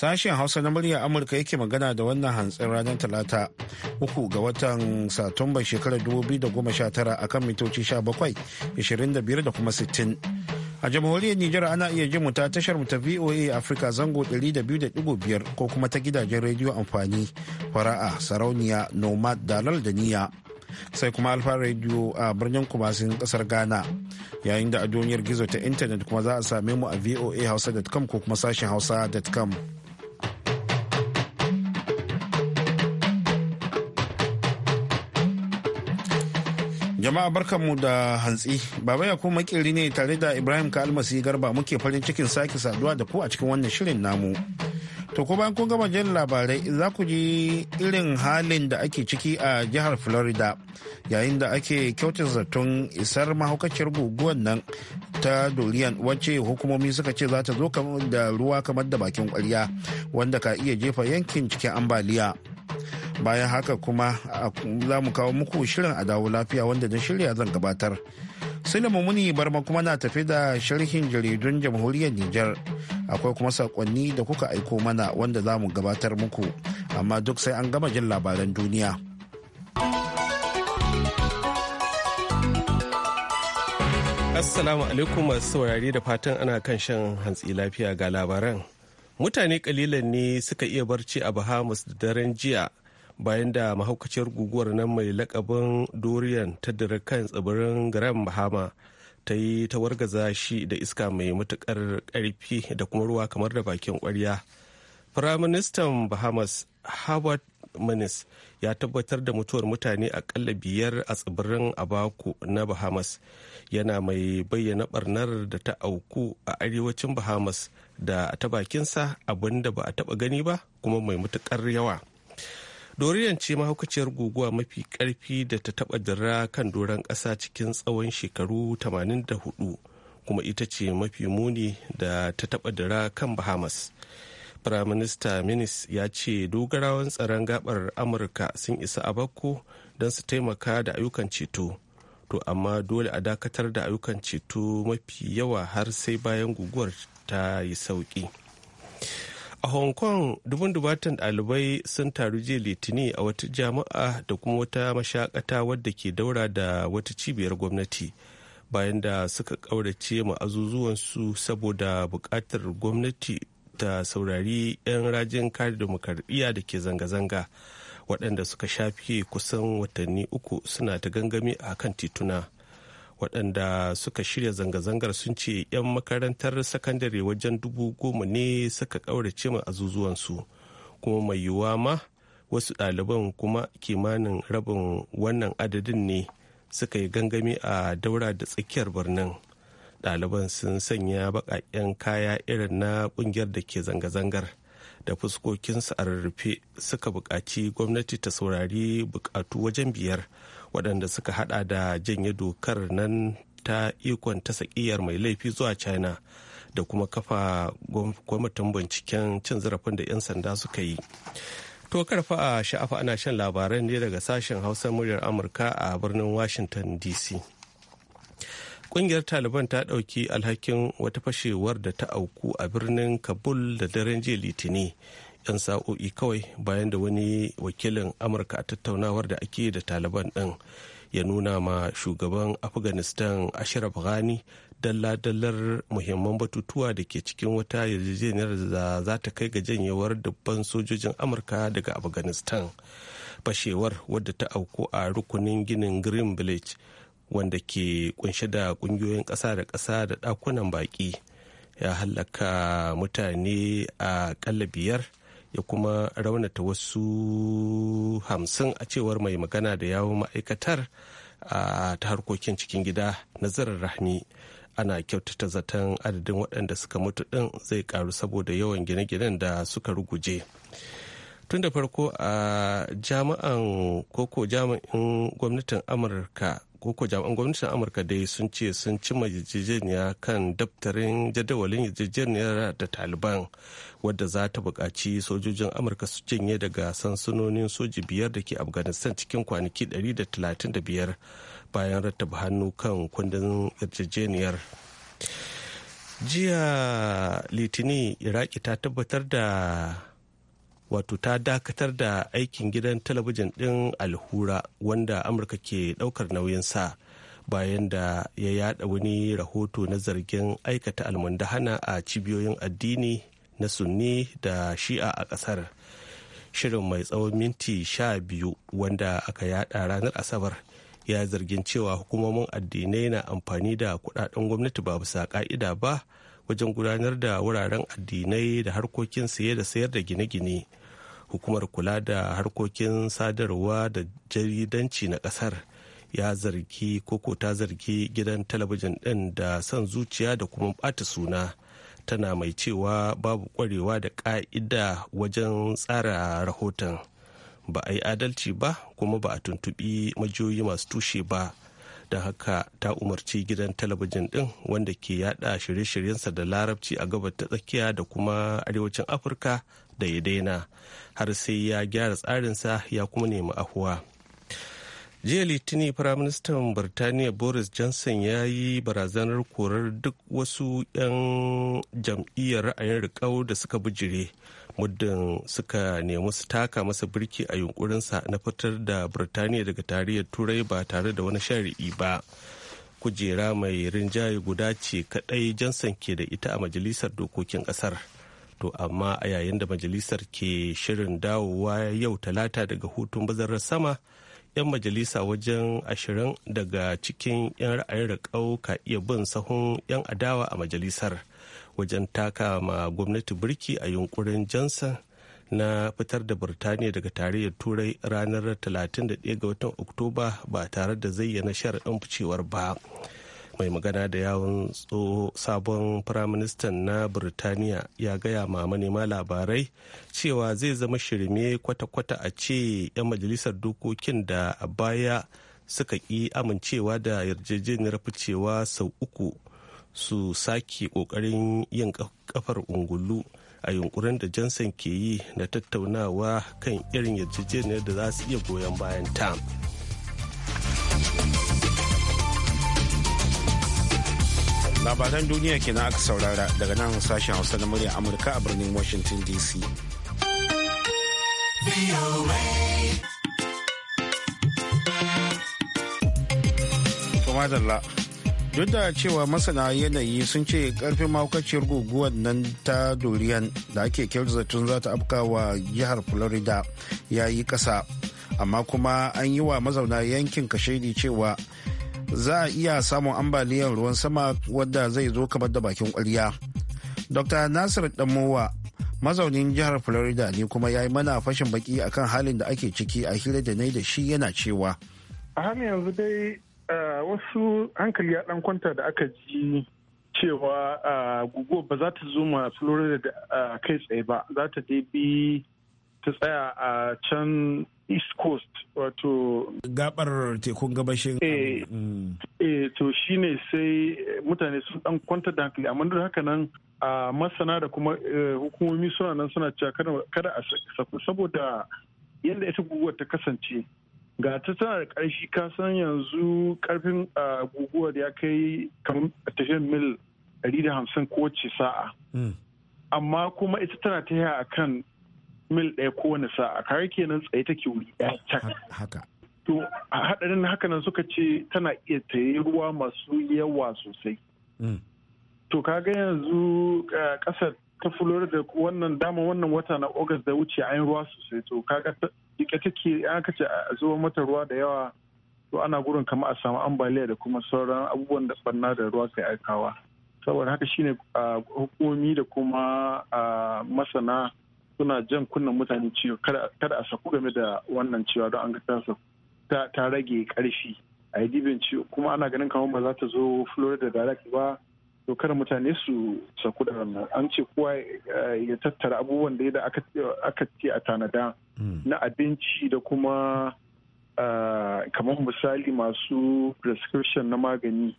Sashen Hausa na murya Amurka yake magana da wannan hantsin ranar Talata uku ga watan Satumba shekarar 2019 kan mitoci 17, 25 da kuma 60. A jamhuriyar Nijar ana iya jin mu ta tashar mu ta VOA Africa zango 200.5 ko kuma ta gidajen rediyo amfani fara'a sarauniya nomad dalal da niyya. sai kuma alfa radio a birnin kumasin kasar ghana yayin da a duniyar gizo ta intanet kuma za a same mu a voa hausa.com ko kuma sashen hausa.com Jama'a barkanmu da hantsi. Baba ya kuma makiri ne tare da Ibrahim ka almasi Garba muke farin cikin sake saduwa da ku a cikin wannan shirin namu. To ko bayan kun gama jin labarai za ku ji irin halin da ake ciki a jihar Florida yayin da ake kyautar zaton isar mahaukaciyar guguwar nan ta Dorian wacce hukumomi suka ce za ta zo da ruwa kamar da bakin kwarya wanda ka iya jefa yankin cikin ambaliya. bayan haka kuma za mu kawo muku shirin a dawo lafiya wanda na shirya zan gabatar sulaiman bar barma kuma na tafi da sharhin jaridun jamhuriyar nijar akwai kuma sakonni da kuka aiko mana wanda za mu gabatar muku amma duk sai an gama jin labaran duniya assalamu alaikum masu saurari da fatan ana kan shan hantsi lafiya ga labaran mutane kalilan ne suka iya barci a bahamas da daren jiya bayan da mahaukaciyar guguwar nan mai lakabin dorian ta dira kan tsibirin grand bahama ta yi ta wargaza shi da iska mai matukar karfi da kuma ruwa kamar da bakin kwarya firaministan bahamas harvard manis ya tabbatar da mutuwar mutane akalla biyar a tsibirin abaku na bahamas yana mai bayyana barnar da ta auku a arewacin bahamas da ta bakinsa abinda ba a taba gani ba kuma mai matukar yawa dorian ce mahaukaciyar guguwa mafi karfi da ta taba jira kan doron ƙasa cikin tsawon shekaru 84 kuma ita ce mafi muni da ta taba jira kan bahamas firaminista minis ya ce dogarawan tsaron gabar amurka sun isa a bakko don su taimaka da ayyukan ceto to amma dole a dakatar da ayyukan ceto mafi yawa har sai bayan guguwar ta yi sauki a hong kong dubun dubatan dalibai sun taru jiya litini a wata jami'a da kuma wata mashakata wadda ke daura da wata cibiyar gwamnati bayan da suka kaurace ma azuzuwansu saboda buƙatar gwamnati ta saurari 'yan rajin kare demokaradiyya da ke zanga-zanga waɗanda suka shafi kusan watanni uku suna ta gangami a kan tituna waɗanda suka shirya zanga-zangar sun ce 'yan makarantar sakandare wajen dubu goma ne suka ƙaurace azuzuwan azuzuwansu kuma mai yiwuwa ma wasu ɗaliban kuma kimanin rabin wannan adadin ne suka yi gangami a daura da tsakiyar birnin ɗaliban sun sanya baƙaƙen kaya irin na ƙungiyar da ke zanga-zangar da fuskokinsu a rarrafe suka buƙaci gwamnati ta saurari buƙatu wajen biyar waɗanda suka hada da janye dokar nan ta ikon ta sakiyar mai laifi zuwa china da kuma kafa gwamnatin binciken cin zarafin da 'yan sanda suka yi to karfa a sha'afa ana shan labaran ne daga sashen hausa muryar amurka a birnin washington dc ƙungiyar taliban ta ɗauki alhakin wata fashewar da ta auku a birnin kabul da daren jiya litini. 'yan sa'o'i kawai bayan da wani wakilin amurka a tattaunawar da ake da taliban ɗin ya nuna ma shugaban afghanistan ashraf ghani dalla-dallar muhimman batutuwa da ke cikin wata yarjejeniyar da za ta kai ga janyewar dubban sojojin amurka daga afghanistan fashewar wadda ta auku a rukunin ginin green village wanda ke kunshe da kungiyoyin ƙasa da ƙasa da ɗakunan baƙi ya hallaka mutane a ƙalla biyar ya kuma raunata wasu hamsin a cewar mai magana da yawon ma'aikatar ta harkokin cikin gida nazarar rahmi ana kyautata zaton adadin waɗanda suka mutu ɗin zai karu saboda yawan gine-ginen da suka ruguje tun da farko a jami'an koko jami'in gwamnatin amurka koko jami'an gwamnatin amurka dai sun ce sun cimma yarjejeniya kan daftarin jadawalin yarjejeniyar da taliban wadda za ta buƙaci sojojin amurka su janye daga sansanonin soji biyar da ke afghanistan cikin kwanaki 135 bayan rattaba hannu kan kundin yarjejeniyar jiya litinin iraki ta tabbatar da wato ta dakatar da aikin gidan talabijin ɗin alhura wanda amurka ke ɗaukar sa bayan da ya yada wani rahoto na zargin aikata almundahana a cibiyoyin addini na sunni da shi'a a kasar. shirin mai tsawon minti sha biyu wanda aka yada ranar asabar ya zargin cewa hukumomin addinai na amfani da kudaden gwamnati ba bisa ka'ida ba wajen gudanar da wuraren addinai da harkokin saye da sayar da gine-gine hukumar kula da harkokin sadarwa da jaridanci na kasar ya zargi koko ta zargi gidan talabijin ɗin da son zuciya da kuma bata suna tana mai cewa babu ƙwarewa da ƙa'ida wajen tsara rahoton ba a yi adalci ba kuma ba a tuntuɓi majiyoyi masu tushe ba da haka ta umarci gidan talabijin ɗin wanda ke yada shirye-shiryensa da larabci a gabar ta tsakiya da kuma arewacin afirka da ya daina har sai ya gyara tsarinsa ya kuma nemi afuwa jiya litini firaministan birtaniya boris johnson ya yi barazanar korar duk wasu 'yan jam'iyyar ra'ayin rikau da suka bijire muddin suka nemi su taka masa birki a yunkurinsa na fitar da birtaniya daga tarayyar turai ba tare da wani shari'i ba kujera mai rinjaye guda ce kadai johnson ke da ita a majalisar dokokin kasar. to amma a yayin da majalisar ke shirin dawowa yau talata daga hutun bazarar sama 'yan majalisa wajen ashirin daga cikin 'yan ra'ayin raƙau ka iya bin sahun 'yan adawa a majalisar wajen taka ma gwamnati birki a yunkurin johnson na fitar da birtaniya daga tarayyar turai ranar 31 ga watan oktoba ba tare da zayyana sharaɗin ficewar ba. mai magana da yawon sabon firaministan na birtaniya ya gaya ma manema labarai cewa zai zama shirme kwata-kwata a ce 'yan majalisar dokokin da a baya suka ƙi amincewa da yarjejeniyar ficewa sau uku su sake ƙoƙarin yin kafar ungulu a yunkurin da johnson ke yi na tattaunawa kan irin yarjejeniyar da za su iya goyon bayan ta. labaran duniya kenan aka saurara daga nan sashen hausa na murya amurka a birnin washington dc duk da cewa masana yanayi sun ce karfin mahaukaciyar guguwar nan ta dorian da ake tun za ta afkawa wa jihar florida ya yi kasa amma kuma an yi wa mazauna yankin kashedi cewa za a iya samun ambaliyar ruwan sama wadda zai zo kamar da bakin kwarya. Dr. Nasir Damowa mazaunin jihar Florida ne kuma ya yi mana fashin baki akan halin da ake ciki a hira da nai da shi yana cewa. A har yanzu dai eh, wasu hankali ya dan kwanta da aka ji cewa eh, guguwa ba za ta zo ma Florida da eh, kai tsaye ba za ta dai bi ta tsaya a can east coast wato gabar tekun gabashin eh, mm. eh to shine sai mutane sun dan kwanta da hankali amma duk haka nan a masana da kuma eh, hukumomi suna nan suna cewa kada a saboda yadda ita guguwar ta kasance ga ta tana da ka kasan yanzu karfin guguwar ya kai kamar tashin mil 150 kowace sa'a mm. amma kuma ita tana ta a kan mil ɗaya kowane sa'a kare kenan tsaye take wuri ɗaya haka to a hadarin haka nan suka ce tana iya tayi ruwa masu yawa sosai mm. to kaga yanzu ƙasar ta da wannan dama wannan wata na ogas da wuce an ruwa sosai to kaga jika take ka ce a zuba mata ruwa da yawa to ana gurin kama a samu ambaliya da kuma sauran abubuwan da barna da ruwa kai aikawa saboda haka shine hukumomi da kuma masana suna jan kunnen mutane cewa kada a saku game da wannan cewa don an ga ta rage karfi a yi dibin ciwo kuma ana ganin kamar ba za ta zo florida direct ba to kada mutane su saku da wannan an ce kowa ya tattara abubuwan da da aka ce a tanada hmm. na abinci da kuma kamar misali masu prescription na magani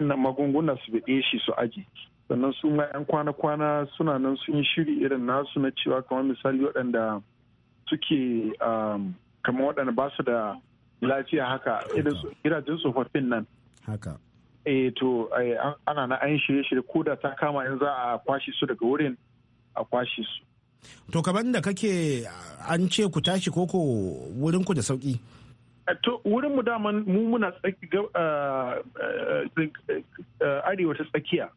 na magunguna su bade shi su aji sannan su ma 'yan kwana-kwana suna nan sun yi shiri irin nasu na cewa kamar misali waɗanda suke um, kamar waɗanda ba su da lafiya haka gidajen tsofaffin nan haka eh to eh, ana na an shirye-shirye ko da ta kama in za a kwashe su daga wurin a kwashe su to kamar da kake an ce ku tashi koko wurin ku da sauki eh, to wurin mu daman mu muna eh, arewa ta tsakiya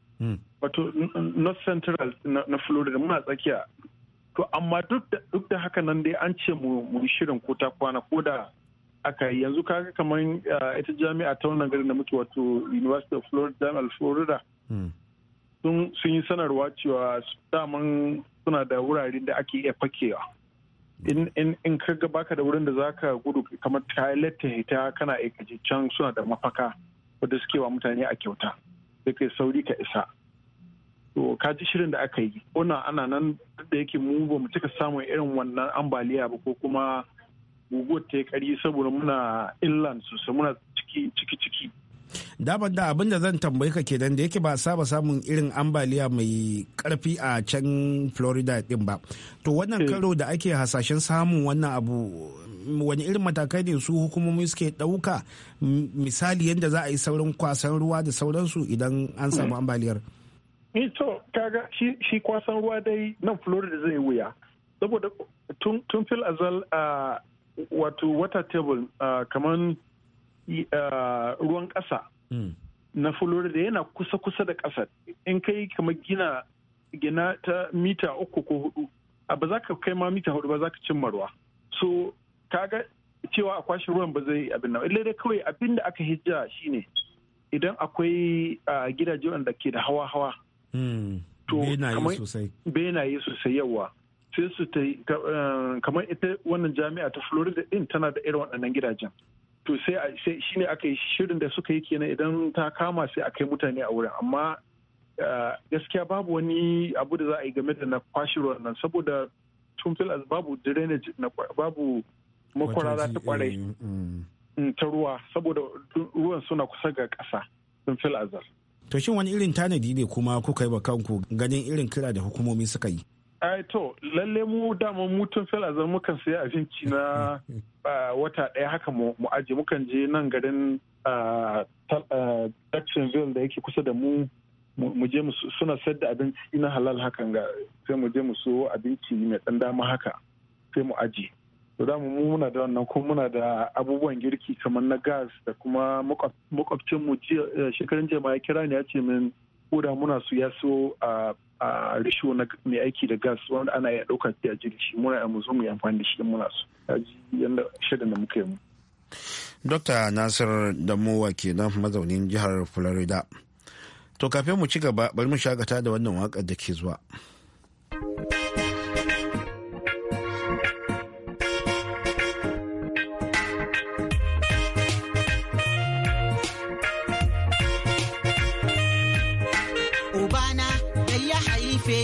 wato north central na florida muna tsakiya to amma duk da haka nan dai an ce mu shirin ko ta kwana ko da aka yi yanzu kaga kamar ah, ita jami'a ta wannan garin da muke wato university of florida jami'ar florida hmm. sun yi sanarwa cewa daman suna da wurare da ake iya fakewa in ka baka da wurin da za ka gudu kamar ta hita kana aikace can suna da mafaka wadda suke wa mutane a kyauta da kai sauri ka isa to ka ji shirin da aka yi ona ana nan da yake mu ba mu cika samun irin wannan ambaliya ba ko kuma guguwar ta yi kari saboda muna inland sosai muna ciki ciki ciki daban da abin da zan tambayi ka kenan da yake ba saba samun irin ambaliya mai karfi a can florida din ba to wannan eh. karo da ake hasashen samun wannan abu wani irin matakai ne su hukumomi suke ɗauka misali yadda za a yi saurin kwasan ruwa da sauransu idan an samu hmm. ambaliyar eh, to kaga shi kwasan ruwa dai nan florida zai wuya saboda tun fil azal ah, wato water table ah, kamar Eh, ruwan ƙasa hmm. na Florida yana kusa-kusa da ƙasa in kai kamar gina gina ta mita uku ko hudu ba za ka kai ma mita hudu ba za ka cimma ruwa so kaga cewa a kwashe ruwan ba zai abin nan illai da kawai abin da aka hijja shine idan akwai eh, gidaje wanda ke da hawa-hawa hmm. to benaye sosai yawa sai su eh, kamar ita wannan jami'a ta florida din tana da irin waɗannan gidajen to sai shine aka yi shirin da suka yi kenan idan ta kama sai a kai mutane a wurin amma gaskiya babu wani abu da za a yi game da na kwashi ruwan nan saboda tumfil babu drainage babu makwarara ta kwarai eh, mm. mm, ta ruwa saboda ruwan suna kusa ga kasa tumfil azal to shin wani irin tanadi ne kuma kuka yi wa kanku ganin irin kira da hukumomi suka yi ai to lalle mu dama mu tun fil azar mukan sayi abinci na wata ɗaya haka mu aje mukan je nan garin Jacksonville da yake kusa da mu mu je mu suna sayar da abinci na halal hakan ga sai mu je mu so abinci mai dan dama haka sai mu aje to da mu muna da wannan ko muna da abubuwan girki kamar na gas da kuma makwabcin mu eh, shekarun jiya kira ni ya ce min koda muna su ya so a a risho na mai aiki da gas wanda ana iya ɗaukar ta jirgi muna mu zo mu yi amfani da shi muna so yadda shirin da muka yi mu. Dr. Nasir Damuwa kenan mazaunin jihar Florida. To kafin mu ci gaba bari mu shakata da wannan waƙar da ke zuwa.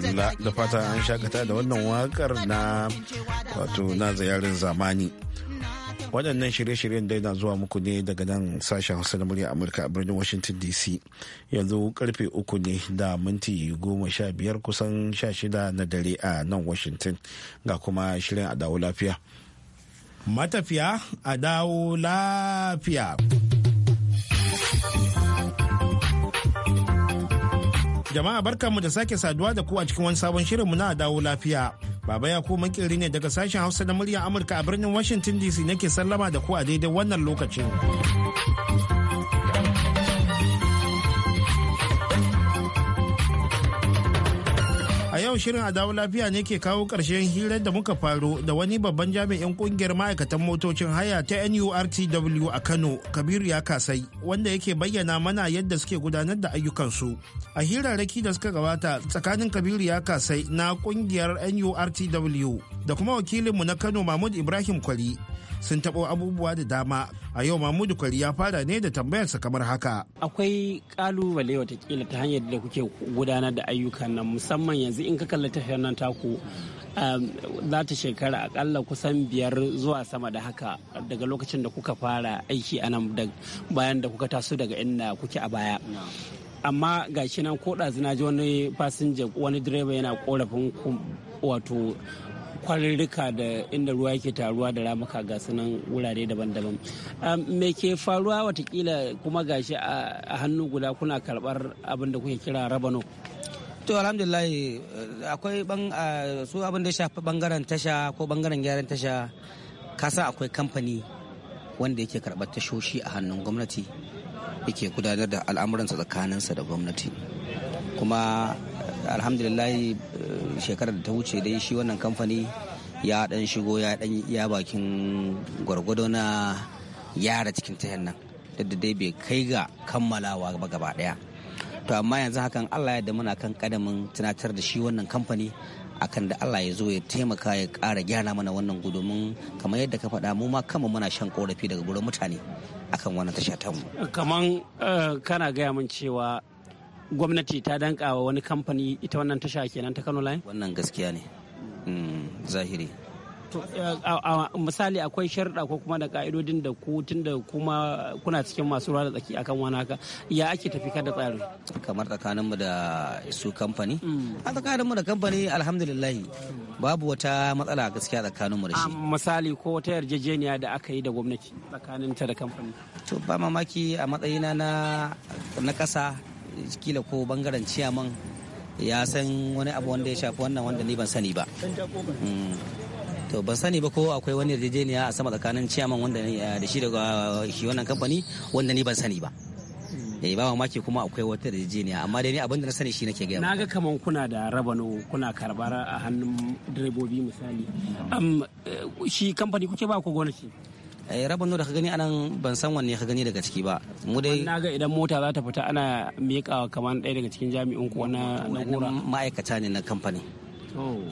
madalla da fata an shakata da wannan wakar na wato na zayarin zamani waɗannan shirye-shiryen dai na zuwa muku ne daga nan sashen hausa na murya amurka a birnin washington dc yanzu karfe uku ne da minti goma sha biyar kusan sha shida na dare a nan washington ga kuma shirin a dawo lafiya matafiya a dawo lafiya Jama'a mu da sake saduwa da ku a cikin wani sabon shirinmu na dawo lafiya. Baba ya kuma makiri ne daga sashen Hausa na muryar Amurka a birnin Washington DC nake sallama da ku a daidai wannan lokacin. yau shirin a dawo lafiya ne ke kawo ƙarshen hirar da muka faro da wani babban jami'in kungiyar ma'aikatan motocin haya ta NURTW a Kano, Kabiru ya kasai, wanda yake bayyana mana yadda suke gudanar da ayyukansu. A hirarraki da suka gabata tsakanin Kabiru ya kasai na kungiyar NURTW da kuma wakilinmu na Kano Mahmud Ibrahim Kwari sun taɓo abubuwa da dama a yau mahmudu kwari ya fara ne da tambayarsa kamar haka akwai kalubale watakila ta hanyar da kuke gudanar da ayyukan nan musamman yanzu in ka kalli tafiyar nan taku um, za ta shekara akalla kusan biyar zuwa sama da haka daga lokacin da kuka fara aiki a nan bayan da kuka taso daga inda kuke a baya amma ga shi nan ko zina ji wani fasinja wani direba yana korafin wato kwarurruka da inda ruwa yake taruwa da ramuka ga sunan wurare daban-daban me ke faruwa watakila kuma gashi a hannu guda kuna karbar abin da kuke kira rabano to alhamdulillah akwai su abin da shafi bangaren tasha ko bangaren gyaran tasha kasa akwai kamfani wanda yake karbar tashoshi a hannun gwamnati yake gudanar da al'amuransa tsakaninsa da gwamnati kuma alhamdulillahi eh, shekarar da ta wuce dai shi wannan kamfani ya dan shigo ya dan ya bakin gwargwado na yara cikin tayan nan da dai bai kai ga kammalawa ba gaba daya to amma yanzu hakan allah ya da muna kan kadamin tunatar da shi wannan kamfani akan da Allah ya zo ya taimaka ya ƙara gyara mana wannan gudumin kamar yadda ka faɗa mu ma kama muna shan korafi daga gurin mutane akan wannan tasha ta mu. kamar eh, kana gaya min cewa gwamnati ta danka wa wani kamfani ita wannan tasha kenan ta Kano Line? Wannan gaskiya ne. Mm, zahiri. Eh, misali akwai sharɗa ko kuma da ka'idodin da ku tun da kuma kuna cikin masu ruwa da tsaki akan wani haka ya ake tafi da tsari kamar tsakaninmu da su kamfani mm. a tsakaninmu da kamfani alhamdulillahi babu wata matsala gaskiya tsakaninmu da shi misali ko wata yarjejeniya da aka yi da gwamnati tsakaninta da kamfani to ba mamaki a matsayina na na ƙasa kila ko bangaren ciyaman ya san wani abu wanda ya shafi wannan wanda ni ban sani ba mm. to ban sani ba ko akwai wani yarjejeniya a sama tsakanin ciyaman wanda eh, da shi daga eh, shi wannan kamfani wanda ni ban sani ba mm. eh ba mamaki kuma akwai wata yarjejeniya amma dai ni abin da na sani shi nake gaya na ga kaman kuna da rabano kuna karbar a hannun direbobi misali mm. eh, shi kamfani kuke ba ko gwamnati Eh, rabin da ka gani anan ban san wanne ka gani daga ciki ba mu dai na ga idan mota za ta fita ana miƙa kamar ɗaya daga cikin jami'in ku na gora ma'aikata ne na kamfani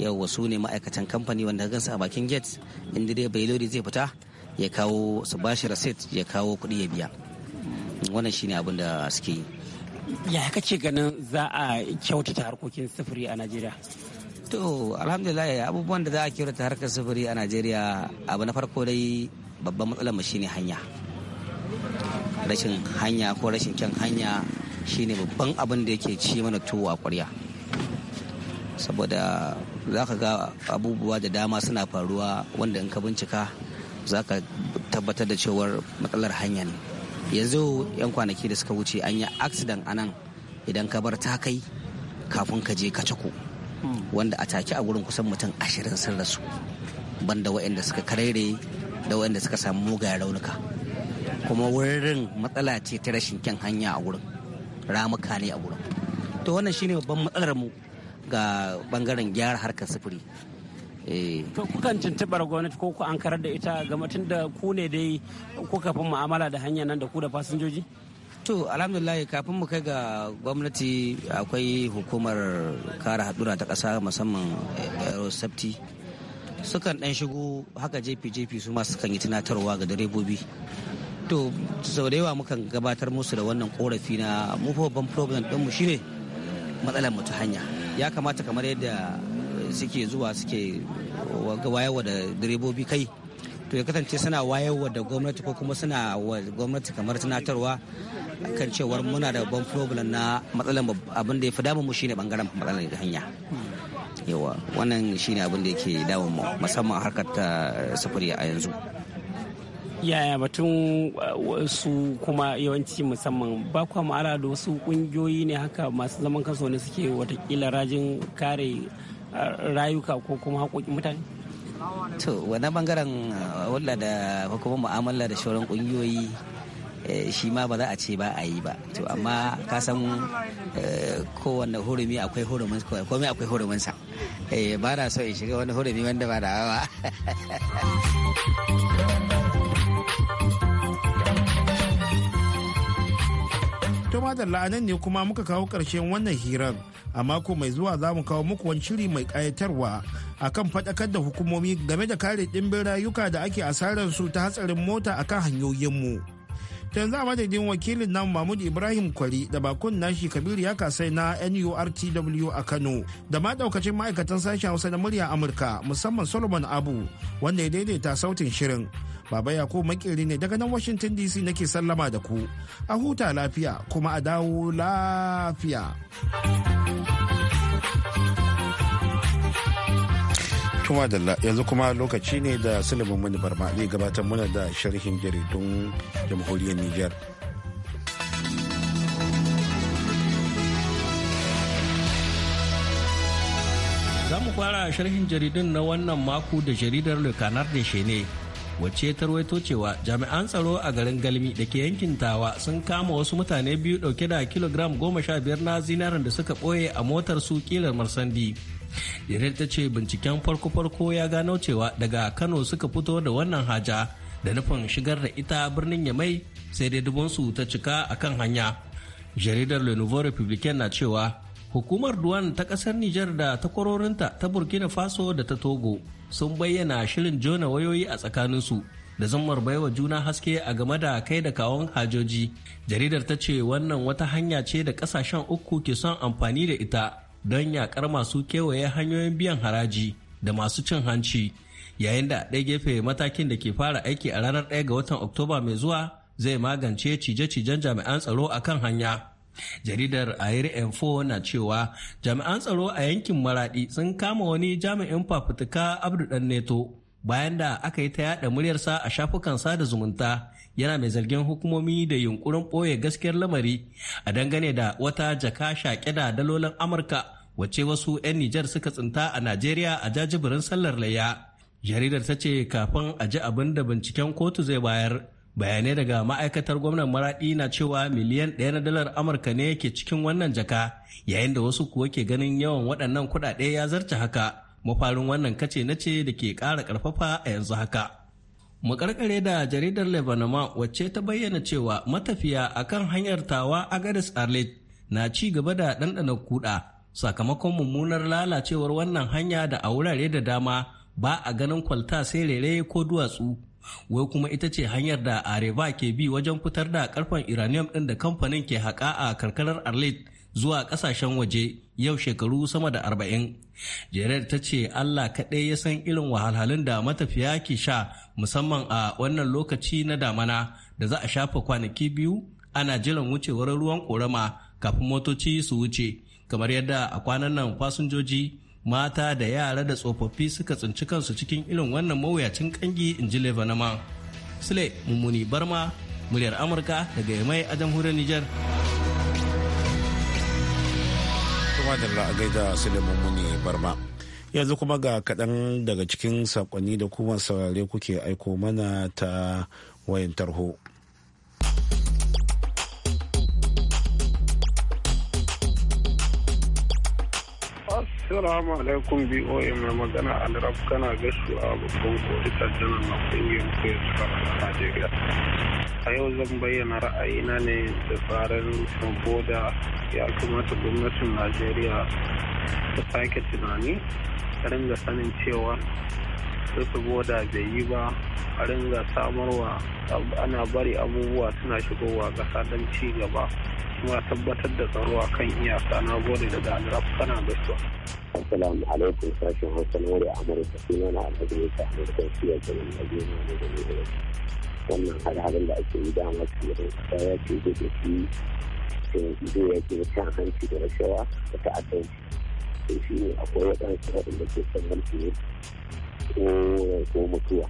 yau wasu ne ma'aikatan kamfani wanda gansu a bakin gate inda dai bai lodi zai fita ya kawo su bashi receipt ya kawo kuɗi ya biya wannan shine abin da suke yi ya kace ganin za a kyautata harkokin sufuri a najeriya to alhamdulillah abubuwan da za a kyautata harkar sufuri a najeriya abu na farko dai babban matsalar mu shine hanya rashin hanya ko rashin kyan hanya shine babban abin da yake ci mana tuwo a kwarya saboda za ka ga abubuwa da dama suna faruwa wanda in ka bincika za ka tabbatar da cewar matsalar hanya ne yanzu 'yan kwanaki da suka wuce an yi aksidan a nan idan ka bar takai kafin ka je ka cako hmm. wanda a take a gurin kusan mutum ashirin sun rasu banda waɗanda suka karere da wanda suka samu mugayen raunuka kuma wurin matsala ce ta rashin kyan hanya a wurin ramuka ne a wurin to wannan shine babban matsalar mu ga bangaren gyara harkar sufuri eh. to kukan tuntubar gwamnati ko ku ankarar da ita ga mutum da ku ne dai kuka fi mu'amala da hanya nan da ku da fasinjoji to alhamdulillah kafin mu kai ga gwamnati akwai hukumar kare hadura ta ƙasa musamman aerosafety sukan ɗan shigo haka jefi-jefi su ma sukan yi tunatarwa ga direbobi to sau da yawa mukan gabatar musu da wannan korafi na mu babban problem ɗinmu shine matsalar mutu hanya ya kamata kamar yadda suke zuwa suke wayarwa da direbobi kai to ya kasance suna wayarwa da gwamnati ko kuma suna wa gwamnati kamar tunatarwa kan cewar muna da babban problem na matsalar abin da ya fi damu mu shine bangaren matsalar hanya yawa wannan shine abin da yake damun mu musamman harkar ta sufuri a yanzu yaya batun wasu kuma yawanci musamman ba kwa ma'ara da wasu kungiyoyi ne haka masu zaman kansu ne suke watakila rajin kare rayuka ko kuma haƙoƙin mutane to wani bangaren wadda da hukumar mu'amala da shauran kungiyoyi Eh, shi ma ba za a ce ba a yi ba to amma ka san eh, kowanne hurumi akwai hurumin komai akwai eh, ba na so in shiga wani hurumi wanda ba da hawa to da la'anan ne kuma muka kawo ƙarshen wannan hirar a mako mai zuwa za mu kawo muku wani shiri mai ƙayatarwa kan faɗakar da hukumomi game da kare ɗimbin rayuka da ake asarar su ta hatsarin mota a akan hanyoyinmu yanzu a madadin wakilin namu mahmud ibrahim kwari da bakun nashi kabiru ya kasai na nurtw a kano da ma daukacin ma'aikatan sashen hausa na murya amurka musamman solomon abu wanda ya daidaita sautin shirin baba ko makeri ne daga nan washington dc nake sallama da ku a huta lafiya kuma a dawo lafiya Tuma Dalla yanzu kuma lokaci ne da Sulaiman mani Barma zai gabatar muna da sharhin jaridun jamhuriyar Nijar. Za mu fara sharhin jaridun na wannan mako da jaridar Le da ya Chene wacce ta rawaito cewa jami'an tsaro a garin Galmi da ke yankin Tawa sun kama wasu mutane biyu dauke da kilogram goma sha biyar na zinarin da suka ɓoye a motar su kilar Marsandi. Yarel ta ce binciken farko-farko ya gano cewa daga Kano suka fito da wannan haja da nufin shigar da ita birnin Yamai sai dai dubunsu ta cika a kan hanya. Jaridar Le Nouveau Republicain na cewa hukumar Duwan ta kasar Nijar da takwarorinta ta Burkina Faso da ta Togo sun bayyana shirin jona wayoyi a tsakaninsu. da zammar baiwa juna haske a game da kai da kawon hajoji jaridar ta ce wannan wata hanya ce da kasashen uku ke son amfani da ita don yakar masu kewaye hanyoyin biyan haraji da masu cin hanci yayin da ɗaya gefe matakin da ke fara aiki a ranar 1 ga watan oktoba mai zuwa zai magance cije-cijen jami'an tsaro a kan hanya jaridar air info na cewa jami'an tsaro a yankin maradi sun kama wani jami'in fafutuka abdu dan neto bayan da aka yi ta yada muryarsa a shafukan sada zumunta yana mai zargin hukumomi da yunkurin ɓoye gaskiyar lamari a dangane da wata jaka shaƙe da dalolin amurka wacce wasu 'yan nijar suka tsinta a najeriya a jajibirin sallar layya jaridar ta ce kafin a ji abin da binciken kotu zai bayar bayanai daga ma'aikatar gwamnan maraɗi na cewa miliyan ɗaya na dalar amurka ne ke cikin wannan jaka yayin da wasu kuwa ke ganin yawan waɗannan kuɗaɗe ya zarce haka mafarin wannan kace na ce da ke ƙara ƙarfafa a yanzu haka makarkare da jaridar lebanon wacce ta bayyana cewa matafiya akan hanyar tawa a garis arlet na ci gaba da ɗanɗana kuɗa sakamakon mummunar lalacewar wannan hanya da a wurare da dama ba a ganin kwalta sai rere ko duwatsu wai kuma ita ce hanyar da areva ke bi wajen fitar da karfen uranium ɗin da kamfanin ke haƙa a karkarar arlet zuwa kasashen waje yau shekaru sama da arba'in. Jared ta ce Allah kaɗai ya san irin wahalhalun da matafiya ke sha musamman a wannan lokaci na damana da za a shafa kwanaki biyu ana jiran wucewar ruwan korama kafin motoci su wuce kamar yadda a kwanan nan fasinjoji mata da yara da tsofaffi suka tsinci kansu cikin irin wannan mawuyacin kangi in ji Mummuni Barma, muryar Amurka daga Yamai a jamhuriyar Nijar. madalla gaida Suleiman Muni Barma. Yanzu kuma ga kaɗan daga cikin sakonni da kuma saurare kuke aiko mana ta wayan tarho. Assalamu alaikum BOA mai magana Alraf kana a babban kodita janar na kungiyar koyar a Najeriya. A yau zan bayyana ra'ayina ne da tsarin boda ya kamata gwamnatin Najeriya ta sake tunani ta da sanin cewa su saboda bai yi ba a ringa samarwa ana bari abubuwa suna shigowa ƙasa don ci gaba kuma tabbatar da tsaro a kan iyaka na gode daga alraf kana gaisuwa. Assalamu alaikum sashen Hausa na wuri Amurka suna na alhaji ne ta Amurka siyar da nan Najeriya ne da Najeriya. Wannan hada da ake yi da masu yadda ya ce da shi ido ya ke cin hanci da rashawa da ta'addanci. Sai shi ne akwai waɗansu waɗanda ke son mulki ne ko mutuwa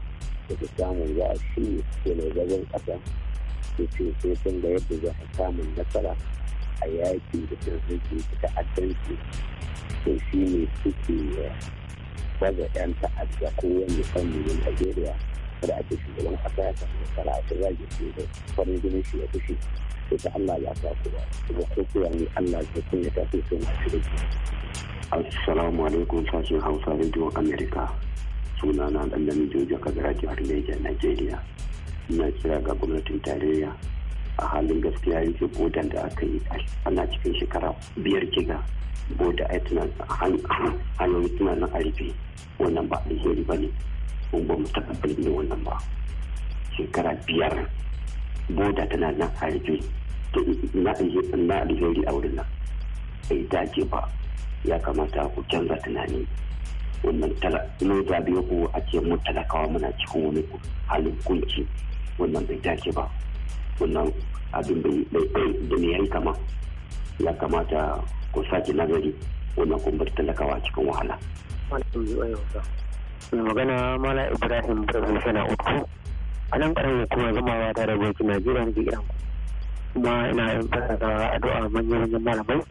da ta samu za a shi ke mai zagon ƙasa ke ce sun da yadda za a samun nasara a yaƙi da tarzuki da ta'addanci to shi ne suke eh, baza 'yan ta'adda ko wani fannin Najeriya kada a ce shugaban ƙasa ya samu nasara a zage shi da farin jinin shi ya fushi to ta Allah ya sa ku ba kuma ko kuwa ne Allah ya kunya ta so sai na shi Assalamu alaikum sashen Hausa Radio America. suna na dan da mijojo kadara jihar Niger Nigeria ina kira ga gwamnatin tarayya a halin gaskiya yake bodan da aka yi ana cikin shekara biyar kiga boda a hanyoyi suna nan a wannan ba alheri ba ne kuma ba mutum taɓa bilbi wannan ba shekara biyar boda tana nan a na alheri a wurin nan bai dace ba ya kamata ku canza tunani wannan ne zabe ko a ce mun talakawa muna cikin wani halin kunci wannan bai dace ba wannan abin da ne yi kama ya kamata ko sake nazari wannan kumbar talakawa cikin wahala. magana mala ibrahim brazil na uku a nan karin kuma zamawa ta da bokin najeriya da iran kuma ina yin da addu'a manyan manyan malamai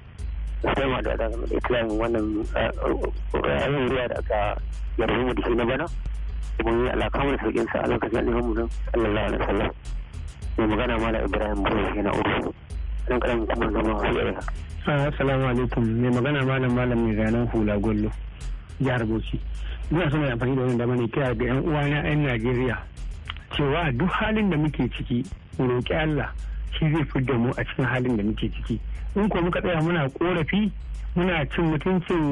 sama da islamin wannan eh, eh, rayuwar ruwa da aka yarda mu da shi na bana mun yi alakamar sauƙin sa a lokacin da mu sallallahu alaihi wasallam mai magana mala ibrahim bulu shi na uku nan karamin kuma zama a fiye ah, assalamu alaikum mai magana malam malam mai zanen hula gwallo jihar bauchi ina son mai amfani da wannan dama ne kira ga yan uwana yan najeriya cewa duk halin da muke ciki mu roƙi allah shi zai fi da mu a cikin halin da muke ciki in ko muka tsaya muna korafi muna cin mutuncin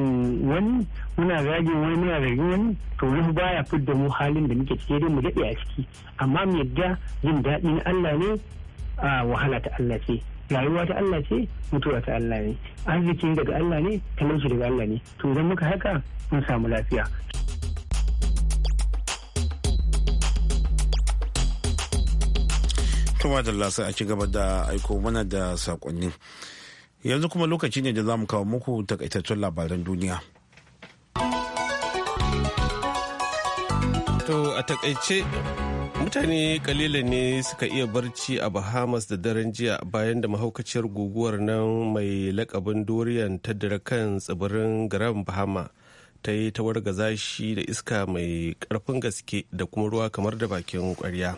wani muna zagin wani muna zargin wani to wani baya fi da mu halin da muke ciki dai mu daɗe a ciki amma mu yadda jin daɗi na Allah ne a wahala ta Allah ce rayuwa ta Allah ce mutuwa ta Allah ne arziki daga Allah ne talauci daga Allah ne to idan muka haka mun samu lafiya kuma da lasa a ci gaba da aiko mana da sakonni. Yanzu kuma lokaci ne da za mu kawo muku takaitattun labaran duniya. To a takaice mutane kalilan ne suka iya barci a bahamas da daren jiya bayan da mahaukaciyar guguwar nan mai lakabin dorian ta dira kan tsibirin garam bahama ta yi tawar gaza shi da iska mai karfin gaske da kuma ruwa kamar da bakin kwarya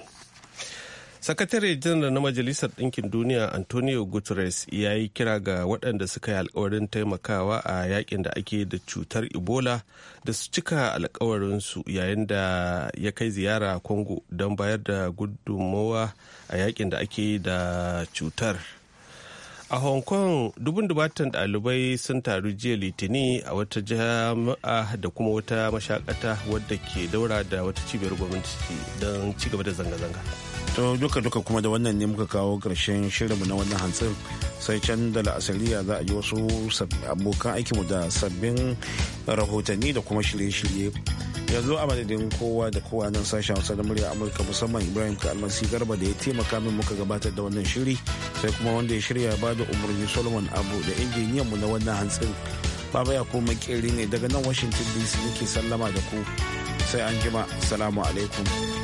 sakatare janar na majalisar ɗinkin duniya antonio guterres ya yi kira ga waɗanda suka yi alkawarin taimakawa a yakin da ake da cutar ebola da su cika alkawarinsu yayin da ya kai ziyara congo don bayar da gudunmowa a yakin da ake da cutar a hong kong dubun dubatan dalibai sun taru jiya litini a wata jami'a da kuma wata mashakata wadda ke daura da wata cibiyar gwamnati don ci gaba da zanga-zanga to duka-duka kuma da wannan ne muka kawo ƙarshen shirinmu na wannan hantsin sai can da la'asariya za a yi wasu abokan aikinmu da sabbin rahotanni da kuma shirye-shirye yanzu a madadin kowa da kowa nan sashen hausa da murya amurka musamman ibrahim kalmasi garba da ya taimaka min muka gabatar da wannan shiri sai kuma wanda ya shirya ba da umarni solomon abu da injiniyanmu na wannan hantsin baba ya kuma ne daga nan washington dc nake sallama da ku sai an jima salamu alaikum